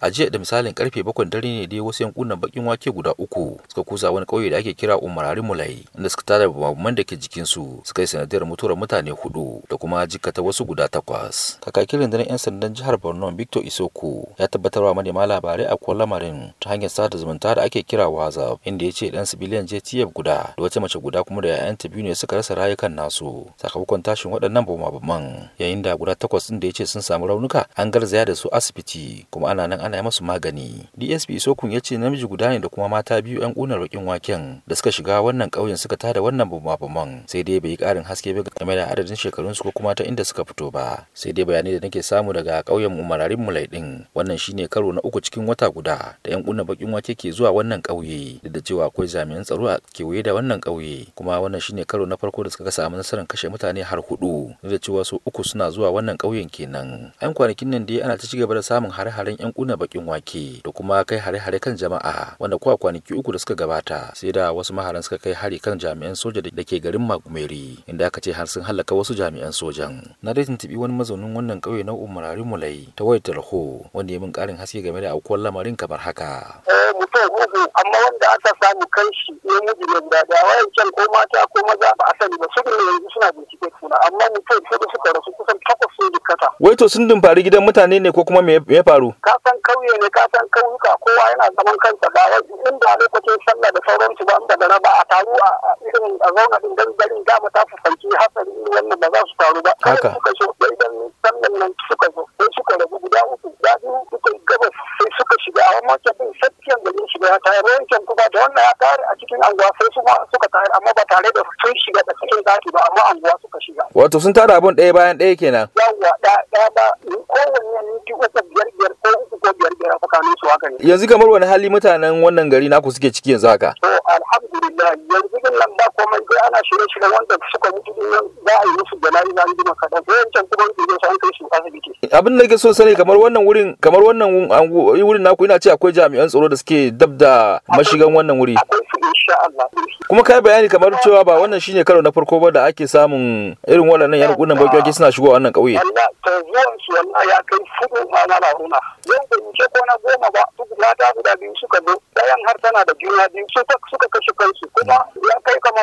a jiya da misalin karfe bakwai dare ne dai wasu yankunan bakin wake guda uku suka kusa wani kauye da ake kira umarari mulai inda suka tara babban da ke jikin su suka yi sanadiyar mutuwar mutane hudu da kuma jikata wasu guda takwas kakakin rundunar yan sandan jihar borno victor isoko ya tabbatar wa manema labarai a kuwa lamarin ta hanyar sada zumunta da ake kira whatsapp inda ya ce dan sibiliyan jtf guda da wace mace guda kuma da 'ya'yan ta biyu ne suka rasa rayukan nasu sakamakon tashin waɗannan bama yayin da guda takwas ɗin da ya ce sun samu raunuka an garzaya da su asibiti kuma ana nan ana masu magani dsp sokun ya ce namiji guda ne da kuma mata biyu yan kunar bakin waken da suka shiga wannan ƙauyen suka tada wannan bumabuman sai dai bai yi ƙarin haske ba game da adadin shekarun su ko kuma ta inda suka fito ba sai dai bayanai da nake samu daga ƙauyen umararin mulai din wannan shine karo na uku cikin wata guda da yan kunar bakin wake ke zuwa wannan ƙauye duk da cewa akwai jami'an tsaro a kewaye da wannan ƙauye kuma wannan shine karo na farko da suka samu nasarar kashe mutane har hudu duk da cewa su uku suna zuwa wannan ƙauyen kenan an kwanakin nan dai ana ta cigaba da samun hare-haren yan kunar bakin wake da kuma kai hare-hare kan jama'a wanda kuwa kwanaki uku da suka gabata sai da wasu maharan suka kai hari kan jami'an soja da ke garin Magumeri inda aka ce har sun halaka wasu jami'an sojan. Na dai tuntubi wani mazaunin wannan ƙauye na Umarari Mulai ta wayar tarho wanda ya min ƙarin haske game da aukuwar lamarin kamar haka. Eh mutum amma wanda aka samu kai shi ne mijin da da wayancan ko mata ko maza ba a sani ba su yanzu suna bincike kuna amma mutum su da suka rasu kusan takwas sun dukkata. Wai to sun dumfari gidan mutane ne ko kuma me ya faru? Ka san kauye ne ka san kauyuka kowa yana zaman kansa ba wai in ba lokacin sallah da sauran su ba da raba a taru a irin a zauna din dan garin da mu ta fuskanci hatsari wannan ba za su taru ba haka suka so idan sallan nan suka zo sai suka rabu guda uku da biyu suka gabas sai suka shiga a wancan din sakkiyan garin shiga ya tayar wancan kuma da wannan ya tayar a cikin anguwa sai su suka tayar amma ba tare da sun shiga da cikin daki ba amma anguwa suka shiga wato sun tada abun ɗaya bayan ɗaya kenan yawwa da da ba kowanne minti uku biyar biyar yanzu kamar wani hali mutanen wannan gari naku suke ciki yanzu haka eh, alhamdulillah alhamdulillah jirgin nan ba komai dai ana shirye da wanda suka mutu za a yi musu jana'iza an da kaɗan wancan kuma wanda sai an kai su asibiti. abin da ke so sani kamar wannan wurin kamar wannan eh, wurin naku ina ce akwai jami'an tsaro da suke dab da mashigan wannan wuri. kuma kai bayani kamar cewa ba wannan shine karo na farko ba da ake samun irin waɗannan yan gunan bakiyoyi suna shigo wannan ƙauye. Allah ta zuwan su wallahi ya kai fudu ma na laruna. Yau da ce ko na goma ba ta guda biyu suka zo bayan har tana da juna biyu suka kashe kansu kuma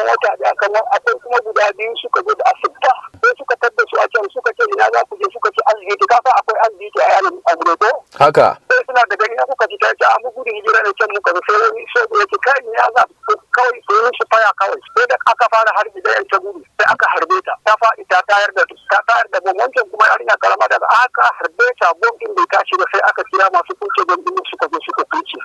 mota da kamar akwai kuma guda biyu suka zo da asibita sai suka tadda su a can suka ce ina za ku je suka ce asibiti kafa akwai asibiti a yanin agrodo haka sai suna da gani suka ji tace an gudu hijira da can muka sai wani sai ya ce kai ina za kawai su yi su faya kawai sai da aka fara harbi da yan ta gudu sai aka harbe ta ta faɗi ta tayar da ta tayar da bom wancan kuma yarinya karama daga aka harbe ta bom din bai tashi ba sai aka kira masu kunce bom din suka zo suka kunce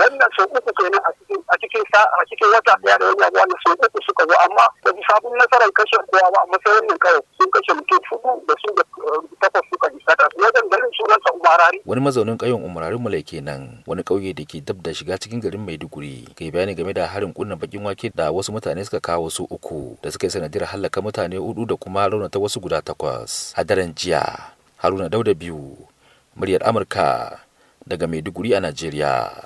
wannan sau uku kenan a cikin a cikin sa'a cikin wata daya da wani abu wani sun suka zo amma da bi sabon nasarar kashe kowa ba a matsayin ne kawai sun kashe mutum hudu da sun da eh, takwas suka ji sata wajen garin sunansa umarari. wani mazaunin ƙauyen umarari mulai kenan wani ƙauye da ke dab da shiga cikin garin maiduguri kai bayani game da harin kunna bakin wake da wasu mutane suka kawo su uku da suka yi sanadiyar hallaka mutane hudu da kuma raunata wasu guda takwas a daren jiya haruna dauda biyu muryar amurka daga maiduguri a najeriya